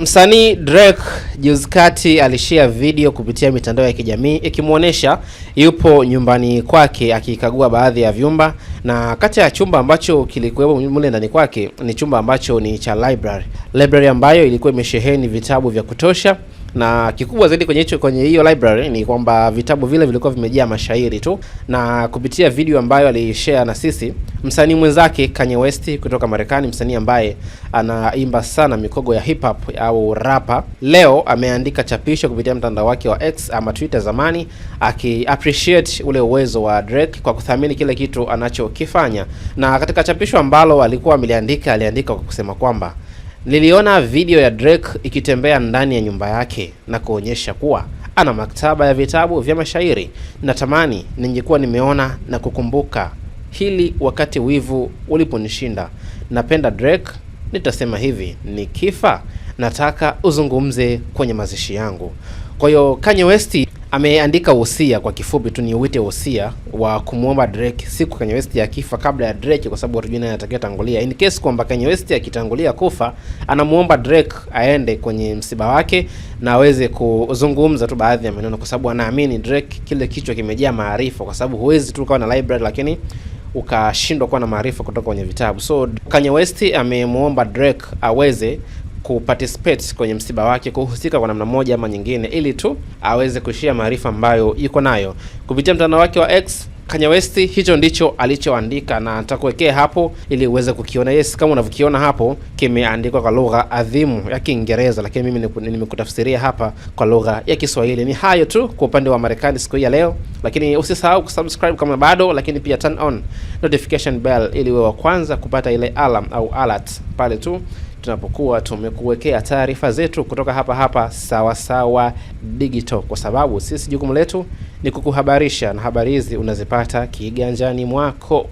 Msanii Drake juzi kati video kupitia mitandao ya kijamii ikimwonyesha yupo nyumbani kwake akikagua baadhi ya vyumba, na kati ya chumba ambacho kilikuwepo mule ndani kwake ni chumba ambacho ni cha library, library ambayo ilikuwa imesheheni vitabu vya kutosha na kikubwa zaidi kwenye hicho kwenye hiyo library ni kwamba vitabu vile vilikuwa vimejaa mashairi tu, na kupitia video ambayo alishare na sisi msanii mwenzake Kanye West kutoka Marekani, msanii ambaye anaimba sana mikogo ya hip hop au rapa, leo ameandika chapisho kupitia mtandao wake wa X ama Twitter zamani, aki appreciate ule uwezo wa Drake kwa kuthamini kile kitu anachokifanya, na katika chapisho ambalo alikuwa ameliandika aliandika kwa kusema kwamba Niliona video ya Drake ikitembea ndani ya nyumba yake na kuonyesha kuwa ana maktaba ya vitabu vya mashairi. Natamani ningekuwa nimeona na kukumbuka hili wakati wivu uliponishinda. Napenda Drake, nitasema hivi, nikifa nataka uzungumze kwenye mazishi yangu. Kwa hiyo Kanye West ameandika wosia, kwa kifupi tu niuite wosia wa kumwomba Drake siku Kanye West ya kifa kabla ya Drake, kwa sababu hatujui nani atakaye tangulia, in case kwamba Kanye West akitangulia kufa, anamuomba Drake aende kwenye msiba wake na aweze kuzungumza tu baadhi ya maneno, kwa sababu anaamini Drake kile kichwa kimejaa maarifa, kwa sababu huwezi tu ukawa na library lakini ukashindwa kuwa na maarifa kutoka kwenye vitabu. So Kanye West amemuomba Drake aweze kuparticipate kwenye msiba wake, kuhusika kwa namna moja ama nyingine, ili tu aweze kushia maarifa ambayo yuko nayo kupitia mtandao wake wa X. Kanye West, hicho ndicho alichoandika na nitakuwekea hapo ili uweze kukiona. Yes, kama unavyokiona hapo kimeandikwa kwa lugha adhimu ya Kiingereza, lakini mimi nimekutafsiria hapa kwa lugha ya Kiswahili. Ni hayo tu kwa upande wa Marekani siku hii ya leo, lakini usisahau kusubscribe kama bado, lakini pia turn on notification bell ili uwe wa kwanza kupata ile alarm au alert pale tu tunapokuwa tumekuwekea taarifa zetu kutoka hapa hapa Sawasawa Digital, kwa sababu sisi jukumu letu ni kukuhabarisha, na habari hizi unazipata kiganjani mwako.